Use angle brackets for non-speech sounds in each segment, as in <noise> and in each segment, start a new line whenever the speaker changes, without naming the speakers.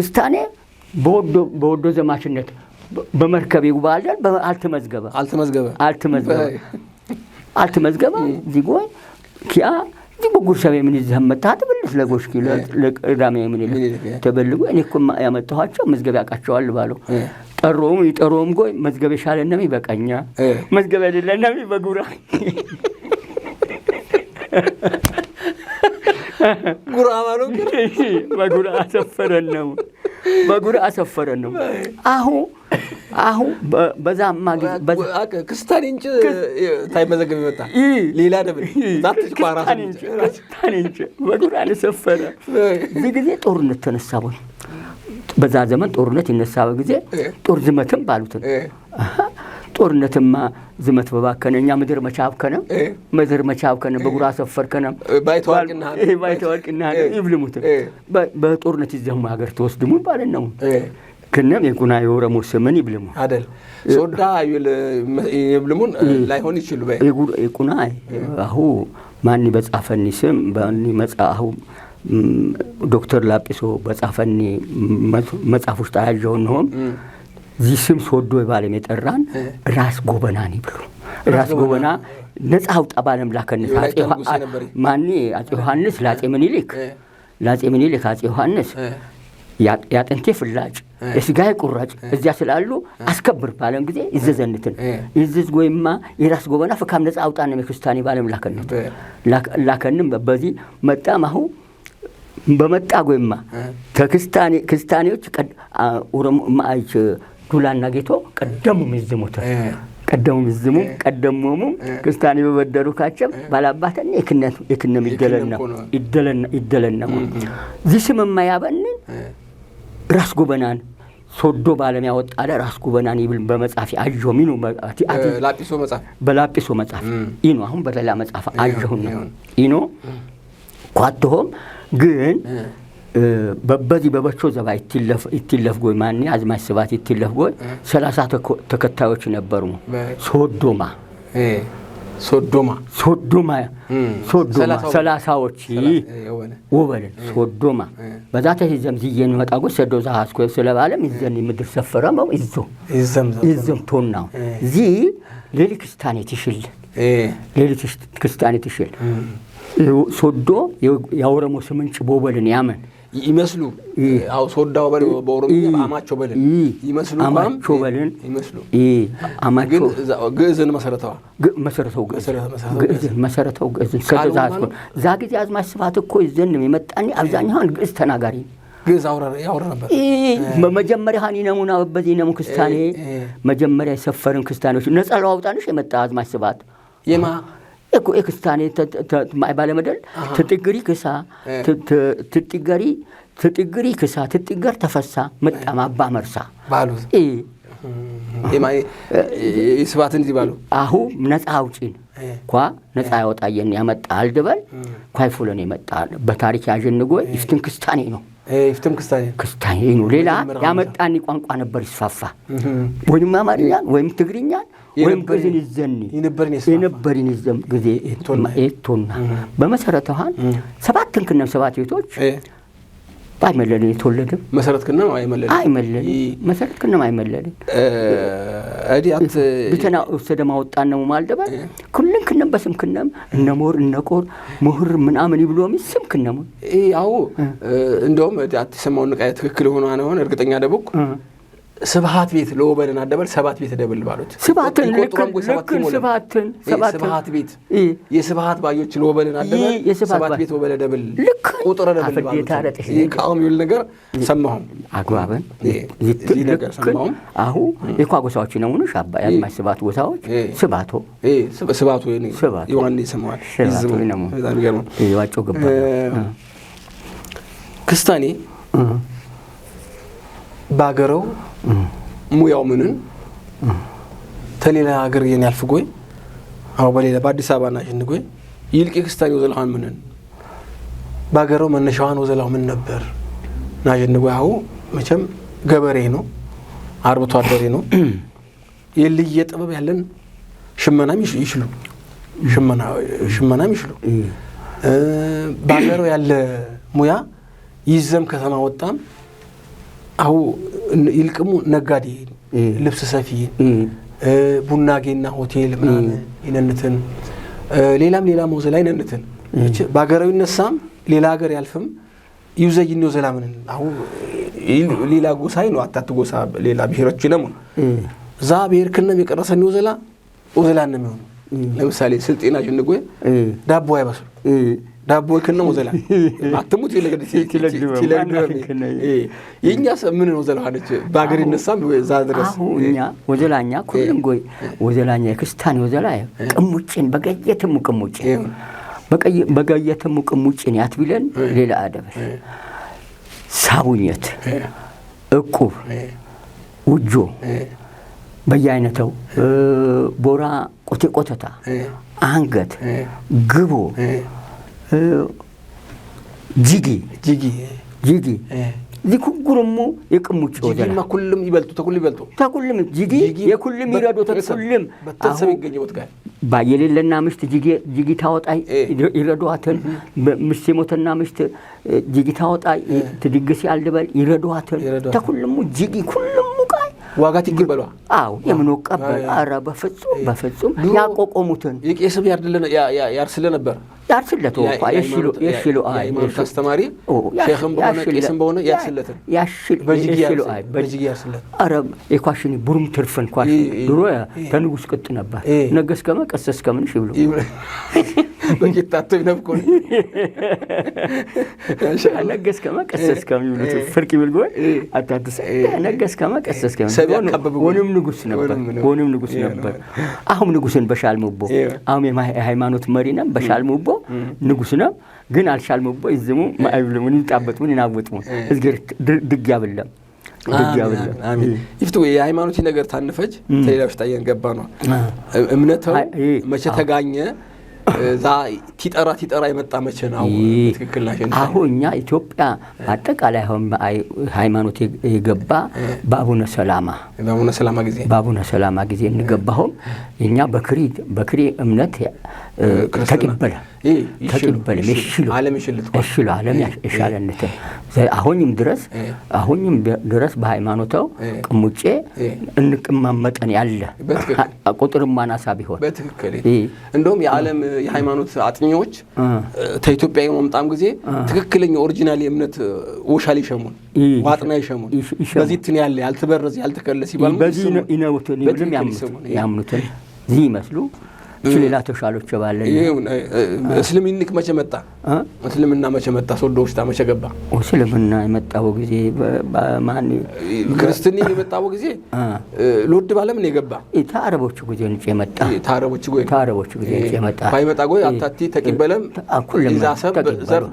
ክስታኔ በወዶ ዘማችነት በመርከብ ይጉባለን አልተመዝገበ
አልተመዝገበ አልተመዝገበ
አልተመዝገበ ዚጎይ ኪያ ዚጎ ጉርሰብ የምን መጣ ትብልስ ለጎሽ ለቅዳሜ የምን ይል ተበልጎ እኔ እኮ ያመጣኋቸው መዝገብ ያውቃቸዋል ባለው ጠሮም ይጠሮም ጎይ መዝገብ የሻለነም ይበቃኛ መዝገብ የሌለነም ይበጉራ <laughs> ጉራማ ነው። በጉራ አሰፈረን ነው በጉራ አሰፈረን ነው አሁ አሁ በዛ ማግ
ክስታን እንጭ ታይመዘገብ ይመጣ ሌላ ደብል
ክስታን እንጭ በጉራ አሰፈረ እዚህ ጊዜ ጦርነት ተነሳ ወይ በዛ ዘመን ጦርነት ይነሳ ጊዜ ጦር ዝመትም ባሉትን ጦርነትማ ዝመት በባከነ እኛ ምድር መቻብከነ ምድር መቻብከነ በጉራ ሰፈርከነ ባይተዋልቅና ይብልሙት በጦርነት ይዘሙ ሀገር ተወስድሙ ባለን ነው ክነም የቁና የኦሮሞ ስምን ይብልሙ
አደል ሶዳ ይብልሙን ላይሆን ይችሉ
የቁና አሁ ማኒ በጻፈኒ ስም ባኒ መጽአሁ ዶክተር ላጲሶ በጻፈኒ መጽሐፍ ውስጥ አያዣው እንሆም እዚህ ስም ሶዶ የባለም የጠራን ራስ ጎበና ኒ ብሎ ራስ ጎበና ነፃ አውጣ ባለም ላከነት ማን አፄ ዮሐንስ ለአፄ ምኒልክ ለአፄ ምኒልክ አጼ ዮሐንስ ያጥንቴ ፍላጭ የስጋዬ ቁራጭ እዚያ ስላሉ አስከብር ባለም ጊዜ ይዘዘንትን ይዝዝ ወይማ የራስ ጎበና ፍካም ነፃ አውጣን የክስታኔ ባለም ላከነት ላከንም በዚህ መጣም አሁ በመጣ ጎይማ ተክስታኔዎች ኦሮሞ ዱላና ጌቶ ቀደሙ ምዝሙት ቀደሙ ምዝሙ ቀደሙሙ ክርስቲያን በበደሩ ካቸም ባላባተን የክነት የክነም ይደለና ይደለና ይደለና ዚስም የማያበንን ራስ ጎበናን ሶዶ ባለም ያወጣ ያወጣለ ራስ ጉበናን ይብል በመጻፊ አጆ
ሚኑ ላጲሶ መጻፍ
በላጲሶ መጻፍ ኢኖ አሁን በሌላ መጻፍ አጆ ነው ኢኖ ኳትሆም ግን በበዚህ በበቾ ዘባ ይትለፍ ጎይ ማን አዝማች ስባት ይትለፍ ጎይ ሰላሳ ተከታዮች ነበሩ። ሶዶማ ሶዶማ ሶዶማ ሶዶማ ሰላሳዎች ወበልን ሶዶማ በዛ ተዘም ዝየን ይመጣ ጎይ ሰዶ ዛሃስኮ ስለባለም ይዘን ምድር መው ይዞ ይዘም ቶናው ዚ ሌሊ ክስታኔ ትሽል ሌሊ ክስታኔ ትሽል ሶዶ የአውረሞ ስምንጭ ቦበልን ያመን
ይመስሉ አው ሶዳው በል በኦሮምኛ አማቾ በል ይመስሉ
አማቾ በልን
ይመስሉ አማቾ ግዕዝን መሰረተዋ
መሰረተው ግዕዝን መሰረተው ግዕዝን ከዛ ዛ ጊዜ አዝማች ስብሐት እኮ ይዘን የመጣኒ አብዛኛውን ግዕዝ ተናጋሪ
ግዕዝ ነበር።
መጀመሪያ ሀኒ ነሙ ክስታኔ መጀመሪያ የሰፈርን ክስታኔዎች የመጣ አዝማች የማ एक ማይ ባለመደል ትጥግሪ ክሳ ትጥገሪ ትጥግሪ ክሳ ትጥገር ተፈሳ መጣማ አባ መርሳ
ባሉ ስባት እንዲህ ባሉ
አሁ ነፃ አውጪን እኳ ነፃ ያወጣየን ያመጣ አልድበል ኳይ ፉለን የመጣ በታሪክ ያዥንጎ ይፍትን ክስታኔ ነው ይፍትም ክስታኔ ክስታኔ ነው። ሌላ ያመጣን ቋንቋ ነበር ይስፋፋ። ወይም አማርኛን ወይም ትግርኛን ወይም ግዝን ይዘኒ የነበርን ጊዜ ኤቶና በመሰረተዋን ሰባት ክንክነም ሰባት ቤቶች አይመለልን የተወለደም
መሰረት ክነም አይመለልን
አይመለልን መሰረት ክነም አይመለልን እዲያት ብተና ወሰደ ማወጣን ነው ማልደበ ኩልን ክነም በስም ክነም እነ ሞር እነ ቆር ምሁር ምናምን ይብሎ ምን ስም ክነም
ይሄ አዎ እንደውም እዲያት የሰማውን ቃየ ትክክል ሆኖ አነሆን እርግጠኛ ደቡቅ ስብሐት ቤት ለወበልን አደበል ሰባት ቤት ደብል ባሉት ስብሐትን ቤት የስብሐት ባዮች ለወበልን አደበል ቤት ወበለ ደብል ቁጥረ ደብል ባሉት ነገር ሰማሁም
አግባብን ነገር ሰማሁም አሁ የኳ ጎሳዎች ነውኑ ሻባ ያልማሽ ስብሐት ቦታዎች ስብሐቶ
ስብሐቶ ዮሐን ይሰማዋል ዋጮ ገባ ክስታኔ ባገረው ሙያው ምንን ተሌላ ሀገር የን ጎይ አሁ በሌላ በአዲስ አበባ ና ጎይ ይልቅ ክስታን ወዘላሁን ምንን በሀገረው መነሻዋን ወዘላሁ ምን ነበር ና ጎይ አሁ መቸም ገበሬ ነው፣ አርብቶ አደሬ ነው። <clears throat> የልየ ጥበብ ያለን ሽመናም ይችሉ ሽመናም ይችሉ በሀገረው ያለ ሙያ ይዘም ከተማ ወጣም አሁ ይልቅሙ ነጋዴ ልብስ ሰፊ ቡናጌና ሆቴል ምናምን ይነንትን ሌላም ሌላ መውዘ ላይ ይነንትን በሀገራዊ ነሳም ሌላ ሀገር ያልፍም ይውዘይን ነው ዘላምን አሁን ሌላ ጎሳ ነው አታት ጎሳ ሌላ ብሔሮች ይለሙ እዛ ብሔር ክነም የቀረሰ ነው ዘላ ወዘላ ነው የሚሆኑ ለምሳሌ ስልጤና ናቸው ዳቦ አይበስሉ ዳቦ ክነ ወዘላ <laughs> አትሙት የእኛ ነው በሀገር ይነሳም ዛ ድረስ
እኛ ወዘላኛ ወዘላኛ ወዘላ ቅሙጭን ቅሙጭን ሌላ ሳቡኘት እቁብ ውጆ በየአይነተው ቦራ ቆተታ አንገት ግቦ ጂጊ ጂጊ ጂጊ ዚኩጉርሙ የቅሙች
ጂጊማ ኩልም ይበልጡ ተኩል ይበልጡ
ተኩልም ጂጊ የኩልም ይረዶ ተኩልም
በተሰብ ይገኘውት ጋር
ባየሌለና ምሽት ጂጊ ጂጊ ታወጣ ይረዷትን ምሽት የሞተና ምሽት ጂጊ ታወጣ ትድግስ ያልበል ይረዷትን ተኩልሙ ጂጊ ኩልሙ ቃይ ዋጋት ይገበሏ አው የምንወቀበል አረ በፍጹም በፍጹም ያቆቆሙትን
የቄስብ ያርድልን ያርስልን ነበር
ያርፍለት እኮ የሽሉ
አስተማሪ በሆነ ቄስም
በሆነ ትርፍን ድሮ ተንጉስ ቅጥ ነበር
በጌታቶ ይብሉት
ፍርቅ ይብል ጎይ ወንም ንጉስ ነበር ወንም ንጉስ ነበር። ንጉስን በሻልሙቦ የሃይማኖት መሪ ነን በሻልሙቦ ንጉስ ነው ግን አልሻልም ቦ ይዝሙ ማይብልሙን ይጣበጥሙን ይናወጥሙን እዝገር ድግ ያብለም
ይፍት ወይ የሃይማኖት ነገር ታንፈጅ ተሌላዎች ጣየን ገባ ነው እምነተው መቼ ተጋኘ እዛ ቲጠራ ቲጠራ የመጣ መቼ ነው?
ትክክል አሁን እኛ ኢትዮጵያ አጠቃላይ አሁን ሃይማኖት የገባ በአቡነ ሰላማ
በአቡነ ሰላማ ጊዜ
በአቡነ ሰላማ ጊዜ እንገባሁም እኛ በክሪድ በክሪ እምነት ተቂበለ ተቂበለ ይሽሉ ዓለም ይሽሉ ዓለም ይሻለነት አሁንም ድረስ አሁንም ድረስ በሃይማኖተው ቅሙጬ እንቅማመጠን ያለ ቁጥርም ማናሳ ቢሆን
በትክክል እንደውም የዓለም የሃይማኖት አጥኚዎች ተኢትዮጵያ የመምጣም ጊዜ ትክክለኛ ኦሪጂናል የእምነት ወሻል ይሸሙን ዋጥና ይሸሙን በዚህ ትን ያለ ያልተበረዝ ያልተከለ ሲባል
ይነቡትን ይነሩትን ያምኑትን ይህ ይመስሉ እቺ ሌላ ተሻሎች ባለ
እስልምኒክ መቼ መጣ? እስልምና መቼ መጣ? ሶዶ ውስጥ መቼ ገባ?
እስልምና የመጣው ጊዜ በማን
ክርስትና የመጣው ጊዜ ሎድ ባለም የገባ።
ታረቦቹ ጊዜ ነው የመጣ። ታረቦቹ ጊዜ ታረቦቹ ጊዜ ነው የመጣ።
ባይመጣ ጎይ አታቲ ተቂበለም እዛ ዘር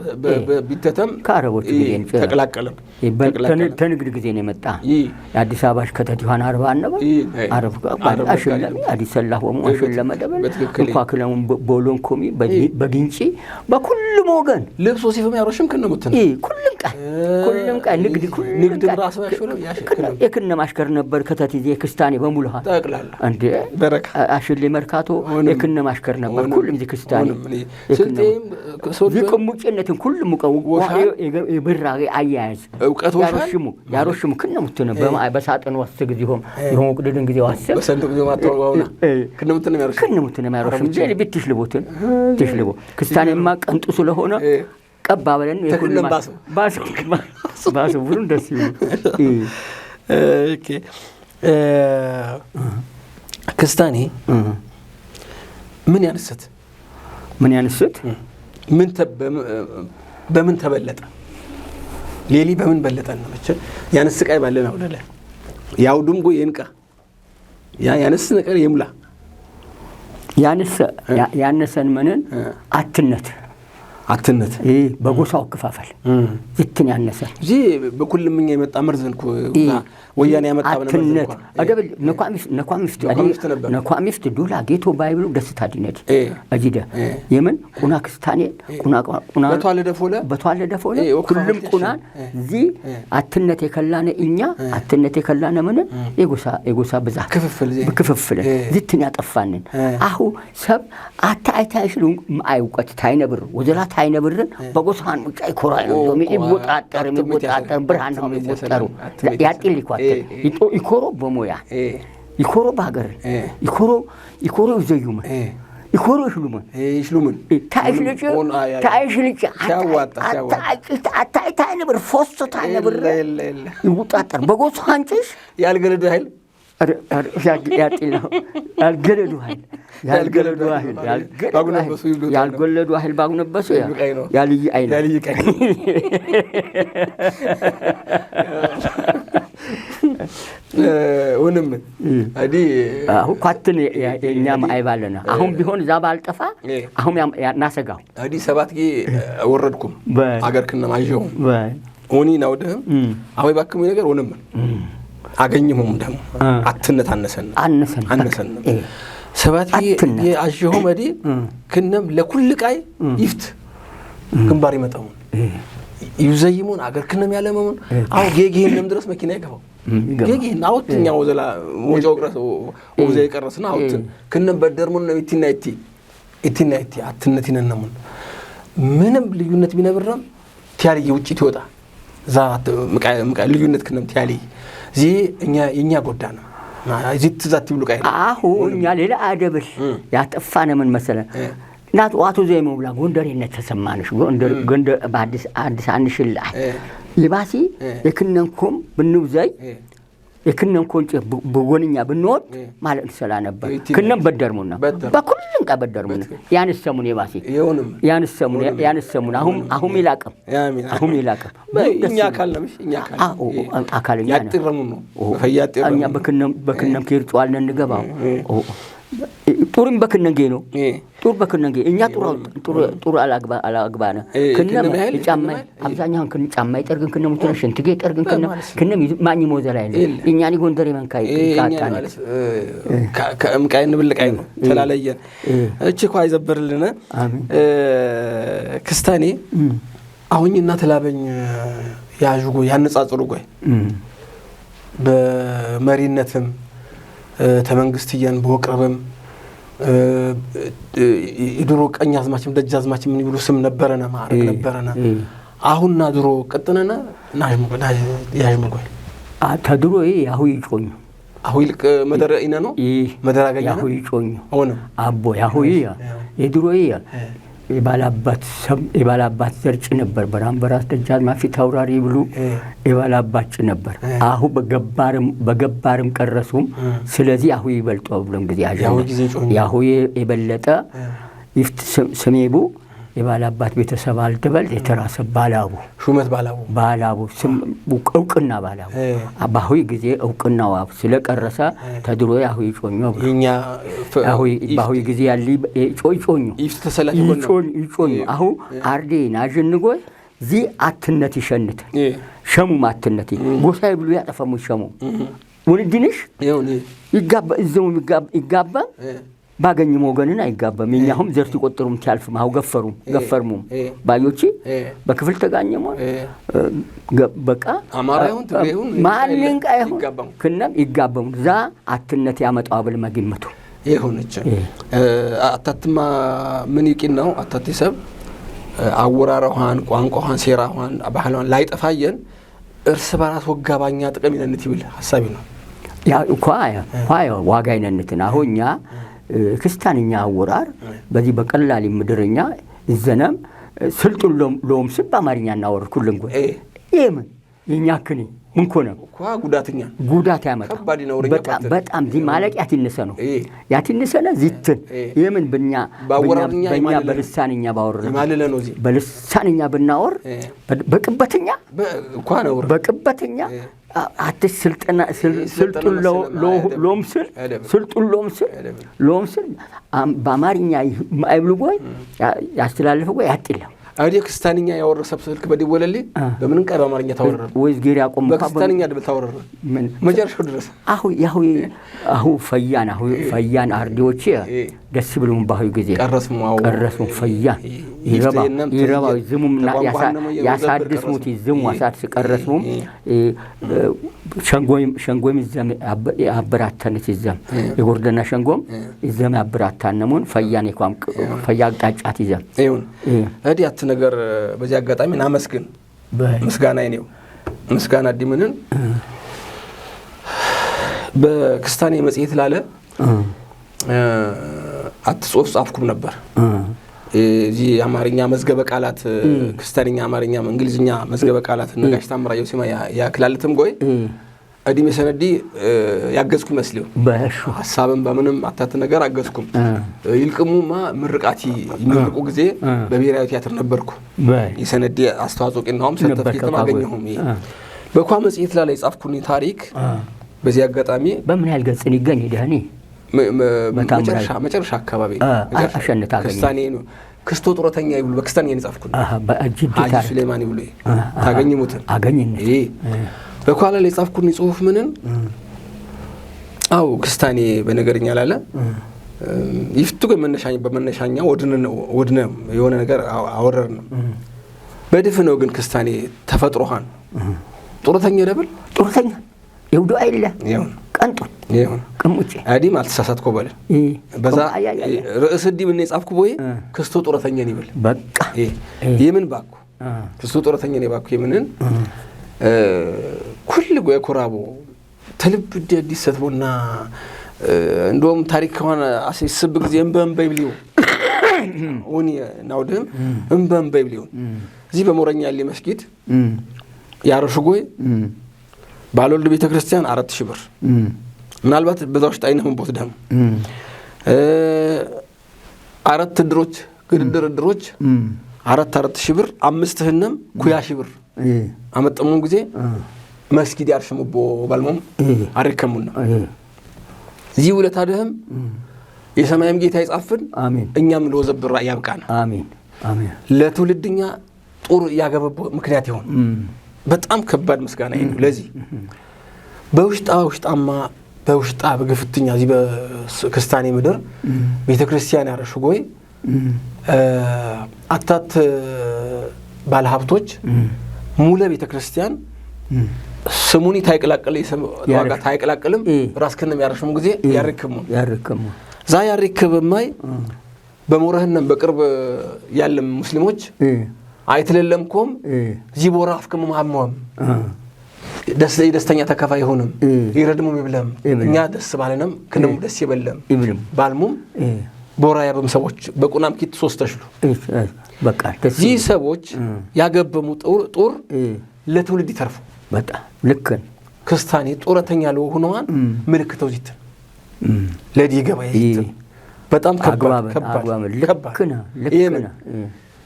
ቢተተም ካረቦቹ ጊዜ ነው ተቀላቀለም።
ተንግድ ጊዜ ነው የመጣ። አዲስ አበባሽ ከተቲዋን አርባ አነበ አረብ አዲስ ሰላህ ወሙ አሽለመደበ ቦሎን ኮሚ በግንጪ በኩልም ወገን
ልብሶ ሲፍም ያሮሽም ክነ ሙትን
ኩልም ቃል ኩልም ቃል ንግድ ንግድ የክነ ማሽከር ነበር ከተትዜ የክስታኔ በሙልሃ ጠቅላላ እንደ አሽሌ መርካቶ የክነ ማሽከር ነበር ኩልም ክስታኔ ቁሙጭነትን ኩልም ቀው የብራ አያያዝ ያሮሽሙ ያሮሽሙ ክነ ሙትን በሳጥን ወስ ጊዜ ሆም ይሆን ቅድድን ጊዜ ዋስብ
በሰንዱ ጊዜ ማተዋውና ክነ ሙትን ያሮሽ
ክነ ሙትን ምንም አይሮሽም ዜ ቢትሽ ልቦትን ትሽ ልቦ ክስታኔማ ቀንጡ ስለሆነ ቀባ በለን ባሱ ብሉን ደስ ይሉ
ክስታኔ ምን ያንስት ምን ያንስት ምን በምን ተበለጠ ሌሊ በምን በለጠን ነው መቸል ያንስ ቃይ ባለን አውደለ ያውዱም ጎ የንቃ ያ ያንስ ነገር የሙላ
ያነሰን መንን አትነት አትነት ይህ በጎሳው አከፋፈል ይትን ያነሰ
እዚህ በኩልም እኛ የመጣ መርዝን
ወያኔ ያመጣ አትነት አደብል ነኳሚስ ጌቶ ባይብሉ ደስታ ድነድ አጂደ የምን ቁና ክስታኔ ቁና ቁና በተዋለደ ሁሉም ቁናን እዚ አትነት የከላነ እኛ አትነት የከላነ ምን የጎሳ የጎሳ ብዛ ክፍፍል ዝትን ያጠፋንን አሁ ሰብ አታ አይታይሽሉ አይውቀት ታይነብር ወዘላት አይነብርን በጎሳን ብቻ ይኮራል ነው የሚቆጣጠር የሚቆጣጠር ብርሃን ነው የሚቆጠሩ ያጢል ይኳትል ይኮሮ በሞያ ይኮሮ በሀገር ይኮሮ ይኮሮ ይዘዩመ ይኮሮ ይሽሉመ ይሽሉመ ታይሽልጭ ታይሽልጭ አታይ ታይነብር ፎስቶ ታይነብር ይውጣጠር በጎሳን ጭሽ
ያልገለድ ኃይል
ያልገለዱ ኃይል ያልጎለዱ ኃይል ባጉነበሱ ያልይ አይ ነው እውንም ኳትን የእኛም አይባለና አሁን ቢሆን እዛ ባልጠፋ አሁን ናሰጋው
አዲ ሰባት ጊዜ ወረድኩም አገር ክነማዥው ሆኒ ናውደህም አሁን ነገር አገኘሁም ደግሞ አትነት አነሰን አነሰን አነሰን ሰባት የአሽሆ መዲ ክነም ለኩል ቃይ ይፍት ግንባር ይመጣሙን ይዘይሙን አገር ክነም ያለመሙን አሁ ጌጌህንም ድረስ መኪና ይገፋው ጌጌህን አወትኛ ወዘላ ወጫ ቅረስ ወዘ የቀረስና አወትን ክነም በደርሙን ነው ኢቲና ኢቲ ኢቲና ኢቲ አትነት ይነነሙን ምንም ልዩነት ቢነብረም ቲያልይ ውጭ ትወጣ እዛ ልዩነት ክነም ቲያልይ እዚ የእኛ ጎዳ ነው። እዚ ትዛት ይብሉ ቃይ
አሁ እኛ ሌላ አደብሽ ያጠፋነ ምን መሰለ ናት ዋቱ ዘይ መብላ ጎንደሬነት ተሰማንሽ ጎንደር ጎንደር በአዲስ አንሽላ ይባሲ የክነንኩም ብንብዘይ የክነን ኮንጨ ብጎንኛ ብንወድ ማለት እንሰላ ነበር ክነን በደርሙና በኩልን ቃ በደርሙና ያንሰሙን የባሴ ያንሰሙን ያንሰሙን አሁን አሁን ይላቀም አሁን ይላቀም
እኛ ካለምሽ
እኛ አካለኛ
ያጥረሙ ነው
ፈያጥረሙ እኛ በክነም በክነም ከርጫዋል ነን ገባው ጡርም በክነጌ ነው። ጡር በክነጌ እኛ ጡር አላግባነ ክነም ጫማ አብዛኛውን ክን ጫማ ይጠርግን ክነ ሙትነ ሽንትጌ ይጠርግን ክነ ክነም ማኝ ሞዘላ ይለ እኛ ጎንደር መንካይ
ቃጣነ ከእምቃይ ንብልቃይ ነው ተላለየን እቺ ኳ ይዘበርልነ ክስታኔ አሁኝና ተላበኝ ያዥጎ ያነጻጽሩ ጎይ በመሪነትም ተመንግስትየን በወቅረብም የድሮ ቀኝ አዝማችም ደጅ አዝማችም ምን ይብሉ ስም ነበረነ ማዕረግ ነበረነ። አሁንና ድሮ ቅጥነነ ናሽመጓል
ተድሮ ይ አሁ ይጮኙ
አሁ ይልቅ መደረ ኢነ ነው
መደረ አገኘ አሁ ይጮኙ ሆነ አቦ አሁ ይል የድሮ ይል የባላባት ዘርጭ ነበር። በራምበራስ ደጃዝማች ፊት አውራሪ ብሉ የባላባት ጭ ነበር። አሁ በገባርም ቀረሱም ስለዚህ አሁ ይበልጦ ብሎም ጊዜ ያሁ የበለጠ ይፍት ስሜቡ የባላባት ቤተሰብ አልድበል የተራሰ ባላቡ ሹመት ባላቡ ባላቡ እውቅና ባላቡ በአሁይ ጊዜ እውቅናው አብ ስለቀረሰ ተድሮ ያሁይ ጮኞ በአሁይ ጊዜ ያለ ጮጮኙ ይጮኙ አሁ አርዴ ናዥንጎይ ዚ አትነት ይሸንት ሸሙም አትነት ጎሳይ ብሎ ያጠፈሙ ሸሙ ውንድንሽ ይጋባ እዘሙ ይጋባ ባገኝም ወገንን አይጋባም። የኛሁም ዘርት ይቆጥሩም ቲያልፍ ማው ገፈሩም ገፈርሙም ባዮቺ በክፍል ተጋኘሞ በቃ ማንን አይሁን ክነም ይጋባሙ ዛ አትነት ያመጣው ብል መግመቱ
ይሁንች አታትማ ምን ይቂን ነው አታት ሰብ አወራረኋን ቋንቋኋን ሴራኋን ባህሏን ላይጠፋየን እርስ በራስ ወጋባኛ ጥቅም ይነንት ይብል ሀሳቢ ነው
ያ ዋጋ ይነንትን አሁኛ ክርስቲያንኛ አወራር በዚህ በቀላል ምድርኛ ዘነም ስልጡን ሎምስብ በአማርኛ እናወርድ ኩልንጎ የምን የኛ ክኒ እንኮ ነው ጉዳትኛ ጉዳት ያመጣ በጣም በጣም ዲ ማለቅ ያትነሰ ነው ያትነሰ ነው ዚትን የምን ብኛ በእኛ በልሳንኛ ባወር በልሳንኛ ብናወር በቅበትኛ እኮ ነው በቅበትኛ አትስ ስልጥና ስልጡን ሎምስል ስልጡን ሎምስል ሎምስል በአማርኛ አይብሉ ጎይ ያስተላልፍ ጎይ ያጥለም
አዲ ክስታንኛ ያወረሰብ ስልክ በዲወለሌ በምን ቀር በአማርኛ ታወረረ
ወይስ ጌሪ አቆም
ክስታንኛ ድብ ታወረረ ምን መጨረሻው ድረስ
አሁ ያሁ አሁ ፈያን አሁ ፈያን አርዲዎች ደስ ብሎም ባሁ ጊዜ ቀረስሙ ቀረስሙ ፈያን ይረባ ይረባ ዝሙም ያሳድስሙት ዝሙ አሳድስ ቀረስሙም ሸንጎም ዘም ያበራታነት ይዘም የጎርደና ሸንጎም ይዘም ያበራታነሙን ፈያን የኳም ፈያ አቅጣጫት ይዘም
ይሁን እዲ ያት ነገር በዚህ አጋጣሚ ናመስግን ምስጋና ይኔው ምስጋና ዲምንን በክስታኔ መጽሔት ላለ አት ጽሑፍ ጻፍኩም ነበር እዚህ የአማርኛ መዝገበ ቃላት ክርስቲያንኛ፣ አማርኛ፣ እንግሊዝኛ መዝገበ ቃላት ነጋሽ ታምራ ዮሴማ ያክላልትም ጎይ እዲሜ ሰነዲ ያገዝኩ መስሊው ሀሳብን በምንም አታት ነገር አገዝኩም። ማ ምርቃቲ ይመርቁ ጊዜ በብሔራዊ ቲያትር ነበርኩ። የሰነዲ አስተዋጽኦ ቂናውም ሰርተፍኬትም አገኘሁም። በኳ መጽሔት ላይ ጻፍኩኝ ታሪክ። በዚህ አጋጣሚ
በምን ያህል ገጽን ይገኝ ዲህኔ
መጨረሻ አካባቢ አሸንታ ክስታኔ ክስቶ ጡረተኛ ይብሉ በክስታኔ የጻፍኩ
ሀጂ ሱሌማን ይብሉ ሙትን አገኝ
በኋላ ላይ የጻፍኩን ጽሁፍ ምንን አው ክስታኔ በነገርኛ ላለ ይፍቱ ግን በመነሻኛ ወድነ የሆነ ነገር አወረር ነው በድፍ ነው ግን ክስታኔ ተፈጥሮሃን ጡረተኛ ደብል
ጡረተኛ የውዱ አይለ ቀንጡን ቅሙጭ
አዲም አልተሳሳትኮ በለ በዛ ርእስ ዲብ እና የጻፍኩ ቦይ ክስቶ ጡረተኛን ይበል በቃ የምን ባኩ ክስቶ ጡረተኛን የባኩ የምንን ኩል ጎ የኮራቦ ተልብ ዲ አዲስ ሰትቦና እንደውም ታሪክ ከሆነ ስብ ጊዜ እንበንበይ ብሊሆ <coughs> ኡኒ ናውደም እንበንበይ ብሊሆን እዚህ በሞረኛ ያለ መስጊድ ያረሽጎይ ባልወልድ ቤተ ክርስቲያን አራት ሺህ ብር ምናልባት በዛ ውስጥ አይነም ቦት ደም አራት ድሮች ግድድር ድሮች አራት አራት ሺህ ብር አምስት ህነም ኩያ ሺህ ብር አመጠሙን ጊዜ መስጊድ ያርሽሙቦ ባልሞም አርከሙና እዚህ ውለት ድህም የሰማይም ጌታ ይጻፍን እኛም ለወዘብራ ያብቃን ለትውልድኛ ጦር ያገበቦ ምክንያት ይሆን በጣም ከባድ ምስጋና ነው። ለዚህ በውሽጣ ውሽጣማ በውሽጣ በግፍትኛ እዚህ በክስታኔ ምድር ቤተ ክርስቲያን ያረሽጎይ አታት ባለሀብቶች ሙለ ቤተ ክርስቲያን ስሙኒ ታይቀላቀለ ዋጋ ታይቀላቀልም ራስክንም ያረሽሙ ጊዜ ያርክሙ ዛ ያሪክብ ማይ በሞረህነም በቅርብ ያለም ሙስሊሞች አይትለለምኮም ዚቦራ አፍክም ማሞም ደስተኛ ተከፋ ይሁንም ይረድሙም ይብለም እኛ ደስ ባለንም ክንም ደስ ይበለም ባልሙም ቦራ ያበም ሰዎች በቁናም ኪት ሶስት ተሽሉ እዚህ ሰዎች ያገበሙ ጡር ለትውልድ ይተርፉ ልክን ክስታኔ ጦረተኛ ሁነዋን ምልክተው ዚትን ለዲ ገባ ይትን በጣም
ከባድ ከባድ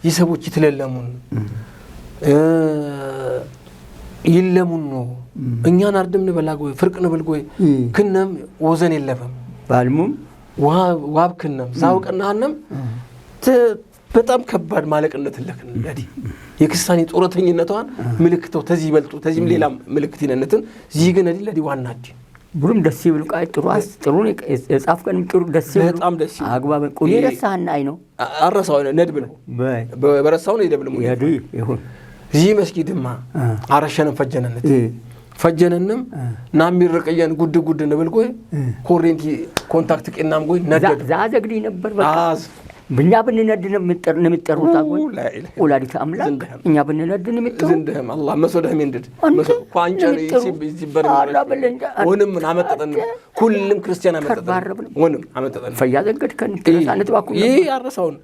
ይህ ይትለለሙን ይለሙን ነው እኛን አርድም ንበላጎይ ፍርቅ ንብልጎይ ክነም ወዘን የለፈም ባልሙም ዋብ ክነም ሳውቅና በጣም ከባድ ማለቅነት ለክን ለዲ የክሳኔ ጦረተኝነቷን ምልክተው ተዚህ ይበልጡ ተዚህም ሌላ ምልክት ይነነትን ዚህ ግን ለዲ ዋና ዲ
ብሩም ደስ ይብሉ ቃ ጥሩ አስ ጥሩ የጻፍከንም ጥሩ ደስ ይብሉ በጣም ደስ ይብሉ አግባብ ቁሚ የረሳህና አይ ነው
አረሳው ነድብ ነው በረሳው ነው ይደብል ነው ይሁን እዚህ መስጊድማ አረሸንም ፈጀነነት ፈጀነንም ናሚር ረቀየን ጉድ ጉድ ንብል ጎይ ኮሬንቲ ኮንታክት ቄናም ጎይ ነደብ
ዛ ዘግዲ ነበር በቃ እኛ ብንነድን የሚጠሩ አጎል ወላዲት አምላክ እኛ ብንነድን የሚጠሩ
ዝንድህም አላ መሶደህም ንድድ ኳንቸርሲበርሆንም አመጠጠን ሁልም ክርስቲያን አመጠጠንሆንም አመጠጠን
ፈያ ዘንገድ ዘንገድከን
ይህ ያረሳውን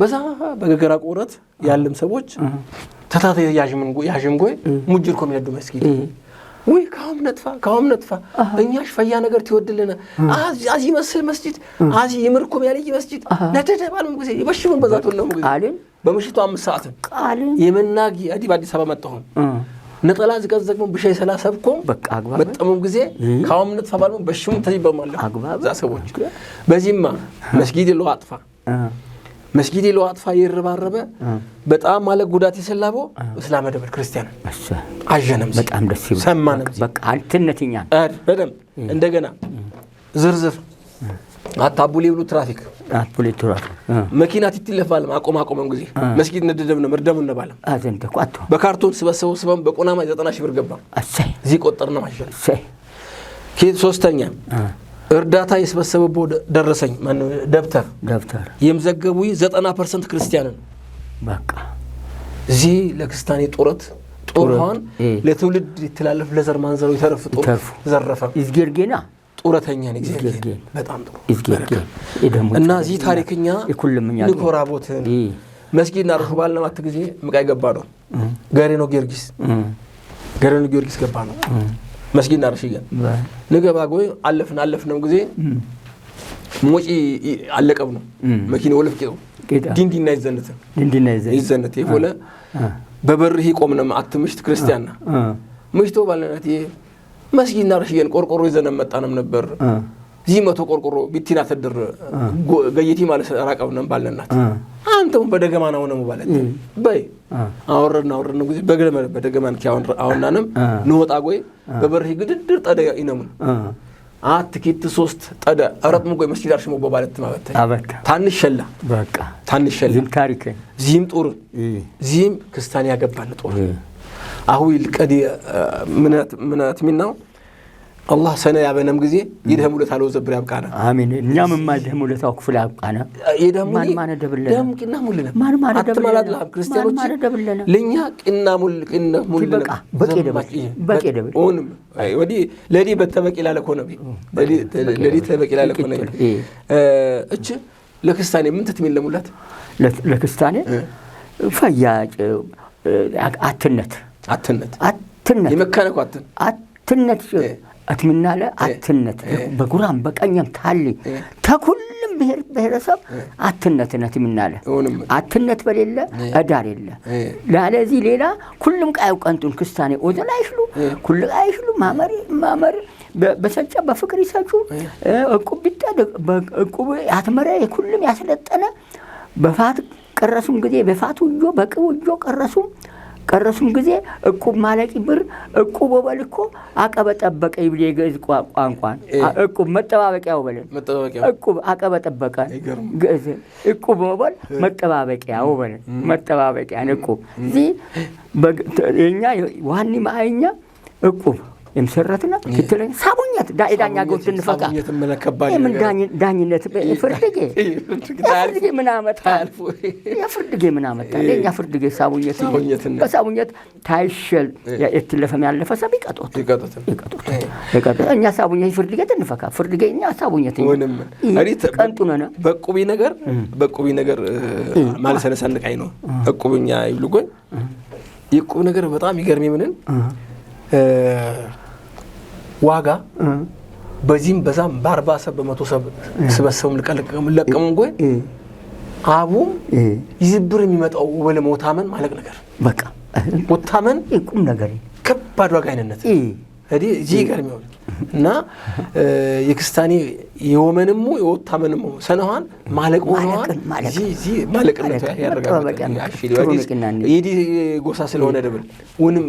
በዛ በገገራ ቁረት ያለም ሰዎች ተታተ ያሽምንጎይ ሙጅር ኮሚነዱ መስጊድ ውይ ካሁም ነጥፋ ካሁም ነጥፋ እኛ ሽፈያ ነገር ትወድልን አዚ መስል መስጅድ አዚ ይምርኩም ያለይ መስጅድ ነተተባል ጊዜ ይበሽሙን በዛት ወለ ጊዜ በምሽቱ አምስት ሰዓትን የመናጊ አዲ በአዲስ አበባ መጠሆን ነጠላ ዝቀዘቅሞ ብሻይ ሰላ ሰብኮ መጠሙም ጊዜ ካሁም ነጥፋ ባልሞ በሽሙም ተዚበማለሁ ዛ ሰዎች በዚህማ መስጊድ ለ አጥፋ መስጊድ የለው አጥፋ የረባረበ በጣም ማለት ጉዳት የሰላቦ እስላም ደብር ክርስቲያን አዠነም
በጣም ደስ ይላል። ሰማንም በቃ አንትነትኛ
በደንብ እንደገና ዝርዝር አታቡሌ ብሉ ትራፊክ
አቡሌ ትራፊክ
መኪና ትትለፋለም አቆም አቆመም ጊዜ መስጊድ ንድደብ ነው መርደሙ ነባለም አዘንተ ቋቶ በካርቶን ስበሰበው ስበም በቆናማ ዘጠና ሺህ ብር ገባ። እዚህ ቆጠር ነው አሸ ሶስተኛ እርዳታ የሰበሰበቦ ደረሰኝ ደብተር ደብተር የምዘገቡ ዘጠና ፐርሰንት ክርስቲያንን በቃ እዚህ ለክርስቲያኔ ጡረት ጦርኋን ለትውልድ ይተላለፍ ለዘር ማንዘሩ ይተርፍ
ጦርፍ ዘረፈ ይዝጌርጌና
ጡረተኛ በጣም ጥሩ እና እዚህ ታሪክኛ ንኮራቦትን መስጊድ ና ርክባል ለማት ጊዜ ምቃይ ገባ ነው ገሬኖ ጊዮርጊስ ገሬኖ ጊዮርጊስ ገባ ነው መስጊድ ናርሽያ ንገባ ጎይ አለፍን አለፍነው ጊዜ ሞጪ አለቀብ ነው መኪና ወለፍ ቄጠው ዲንዲና ይዘነት ይዘነት ይሆነ በበርህ ቆምነ መዓት ምሽት ክርስቲያንና ምሽቶ ባለናት መስጊድ ናርሽየን ቆርቆሮ ይዘነ መጣንም ነበር ዚህ መቶ ቆርቆሮ ቢቲና ተድር ገየቲ ማለት ራቀው ነን ባለናት አንተው በደገማ ነው ነው ማለት በይ አወረድን አወረድን ጊዜ በገለመ በደገማን ኪያውን አውናንም ንወጣ ጎይ በበርሂ ግድድር ጠደ ይነሙን አትኪት ሶስት ጠደ አረጥ ጎይ መስጊድ አርሽሞ በባለት ማበተ አበቃ ታንሸላ በቃ ታንሸላ ዚም ታሪክ ዚም ጦር ዚም ክስታን ያገባን ጦር አሁን ልቀዲ ምናት ምናት ሚናው አላህ ሰነ ያበነም ጊዜ ይደህም ውለታ ለወዘብር ያብቃና
አሚን። እኛም ማልደህም ውለታው ክፍል ያብቃና ማን ማነደብለና
ለእኛ ቅና ሙል ቅና ሙል
በቂ ደበል በቂ ደበል
ኦንም ወዲ ለዲ በተበቂ ላለኮ ነው ለዲ ተበቂ ላለኮ ነው እች ለክስታኔ ምን ትትሚል ለሙላት
ለክስታኔ ፈያጭ አትነት አትነት አትነት
የመካነኳትን
አትነት እትምናለ አትነት በጉራም በቀኛም ታል ተኩልም ብሔር ብሔረሰብ አትነትን እትምናለ አትነት በሌለ እዳር የለ ላለዚህ ሌላ ኩልም ቃዩ ቀንጡን ክስታኔ ኦዘን አይሽሉ ኩል አይሽሉ ማመሪ ማመሪ በሰጫ በፍቅር ይሰጩ እቁብ ቢጣ እቁብ ያትመረ የኩልም ያስለጠነ በፋት ቀረሱም ጊዜ በፋት ውጆ በቅብ ውጆ ቀረሱም ቀረሱም ጊዜ እቁብ ማለቂ ብር እቁብ ወበል እኮ አቀበ ጠበቀ ይብል የግዕዝ ቋንቋን እቁብ መጠባበቂያ ወበልን እቁብ አቀበ ጠበቀ ግዕዝ እቁብ ወበል መጠባበቂያ ወበልን መጠባበቂያን እቁብ እዚ የኛ ዋኒ ማአኛ እቁብ የምሰረትና ክትለኝ ሳቡኘት ዳኛ ጎት እንፈታ ምን ዳኝነት ፍርድጌ ፍርድጌ ምን አመጣል? ፍርድጌ ምን አመጣል? የኛ ፍርድጌ ሳቡኘት በሳቡኘት ታይሸል የትለፈም ያለፈ ሰብ ይቀጦት ይቀጦት እኛ ሳቡኘት ፍርድጌ እንፈካ ፍርድጌ እኛ ሳቡኘት
ቀንጡ ነና በቁቢ ነገር በቁቢ ነገር ማለሰለሰንቃይ ነው እቁብኛ ይብልጎኝ የቁብ ነገር በጣም ይገርሚ ምንን ዋጋ በዚህም በዛም በአርባ ሰብ በመቶ ሰብ ስበሰቡም ለቀሙም ጎይ አቡ ይዝብር የሚመጣው ወለም ወታመን ማለቅ ነገር በቃ ወታመን ቁም ነገር ከባድ ዋጋ አይነነት እዚህ ጋር የሚሆን እና የክስታኔ የወመንሞ የወታመንሞ ሰነኋን ማለቅ ሆነዋል ማለቅ ጎሳ ስለሆነ ድብል ውንም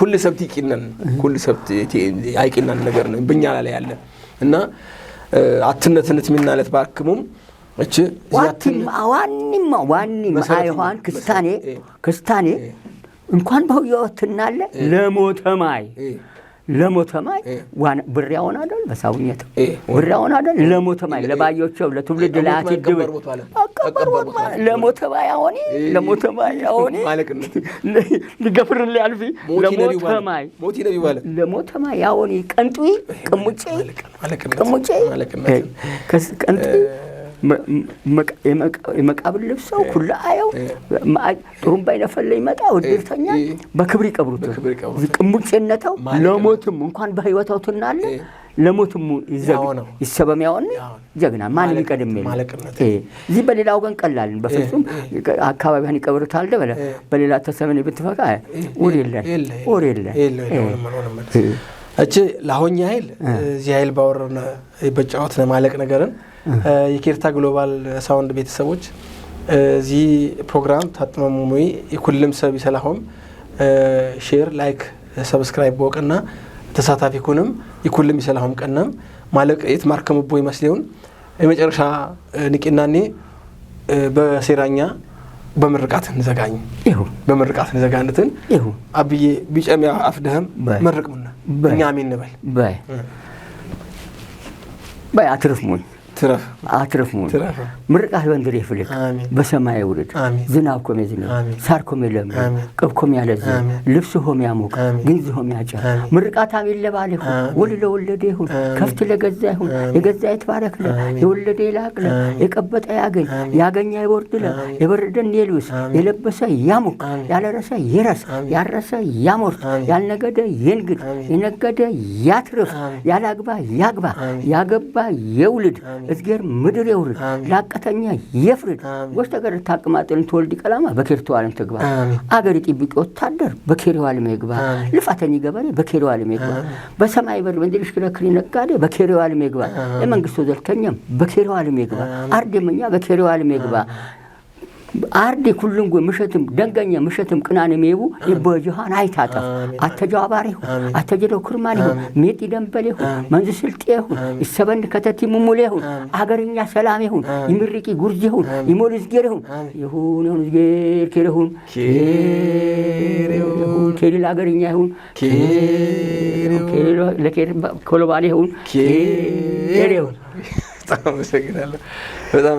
ሁል ሰብት ይቂነን ሁል ሰብት አይቂናን ነገር ነው ብኛ ላይ ያለ እና አትነትነት የሚናለት ባክሙም እች
ዋኒማ ዋኒማ አይኋን ክስታኔ ክስታኔ እንኳን በውየወትናለ
ለሞተማይ
ለሞተማይ ዋን ብሪያውን አደል በሳውኘት ብሪያውን አደል ለሞተማይ ለባዮቸው ለትውልድ ለአት ይድብ ለሞተማይ አሁኒ ለሞተማይ አሁኒ ሊገፍርል ያልፊ ለሞተማይ <laughs> <laughs> ለሞተማይ አሁኒ ቀንጡ ቅሙጪ ቅሙጪ ቀንጡ የመቃብር ልብሰው ሁላ አየው ጥሩምባ ይነፈለ ይመጣ ወደርተኛ በክብር ይቀብሩት ቅሙጭነተው ለሞትም እንኳን በህይወታው ትናለ ለሞትም ይሰበም ያወን ጀግና ማንም ይቀድም እዚህ በሌላ ወገን ቀላልን በፍጹም አካባቢን ይቀብሩታል በለ በሌላ ተሰምን ብትፈቃ ወር የለን ወር የለን
እቺ ለአሁኛ ኃይል እዚህ ኃይል ባወረነ በጫወት ለማለቅ ነገርን የኬርታ ግሎባል ሳውንድ ቤተሰቦች እዚህ ፕሮግራም ታጥመሙ ሙይ ኩልም ሰብ ይሰላሆም ሼር ላይክ ሰብስክራይብ ወቅና ተሳታፊ ኩንም ይኩልም ይሰላሆም ቀነም ማለቅ የትማርከም ቦ ይመስሊውን የመጨረሻ ንቂናኔ በሴራኛ በምርቃት ንዘጋኝ በምርቃት ንዘጋነትን አብዬ ቢጨሚያ አፍደህም መርቅ ሙና እኛ አሚን ንበል
በይ አትርፍ ሙኝ አትረፍሙ ምርቃት በንድር ይፍልቅ በሰማይ ውርድ ዝናብ ኮም ዝናብ ሳር ኮም የለም ቅብ ኮም ያለዝ ልብስ ሆም ያሞቅ ግንዝ ሆም ምርቃት ምርቃታ ለባል ይሁን ወል ለወለደ ይሁን ከፍት ለገዛ ይሁን የገዛ የተባረክለ የወለደ ይላቅለ የቀበጠ ያገኝ ያገኛ ይቦርድለ የበረደን የልብስ የለበሰ ያሙቅ ያለረሰ ይረስ ያረሰ ያሞርት ያልነገደ የንግድ የነገደ ያትርፍ ያላግባ ያግባ ያገባ የውልድ እዚገር ምድር የውርድ ላቀተኛ የፍርድ ተገር ታቅማጥን ትወልድ ቀላማ በኬርተዋልም ትግባ አገር ጥብቅ ወታደር በኬሪዋልም ይግባ ልፋተኝ ገበሬ በኬሪዋልም ይግባ በሰማይ በር መንደልሽ ክረክሪ ነጋዴ በኬሪዋልም ይግባ የመንግስቱ ዘልተኛም በኬሪዋልም ይግባ አርድምኛ በኬሪዋልም ይግባ አርድ ኩልንጎ ምሸትም ደንገኛ ምሸትም ቅናን ሜቡ ይበጅሃን አይታጠፍ አተጀዋባሪ ሁ አተጀደው ክርማን ሁ ሜጥ ደንበል ሁ መንዝ ስልጤ ሁን ይሰበን ከተቲ ሙሙሌ ሁን አገርኛ ሰላም ሁን ይምርቂ ጉርጅ ሁን ይሞል ዝጌር ሁን ይሁን ይሁን ዝጌር ኬር ሁን ኬሪል አገርኛ ሁን ለኬር ኮሎባሌ ሁን
ኬር ሁን በጣም አመሰግናለሁ።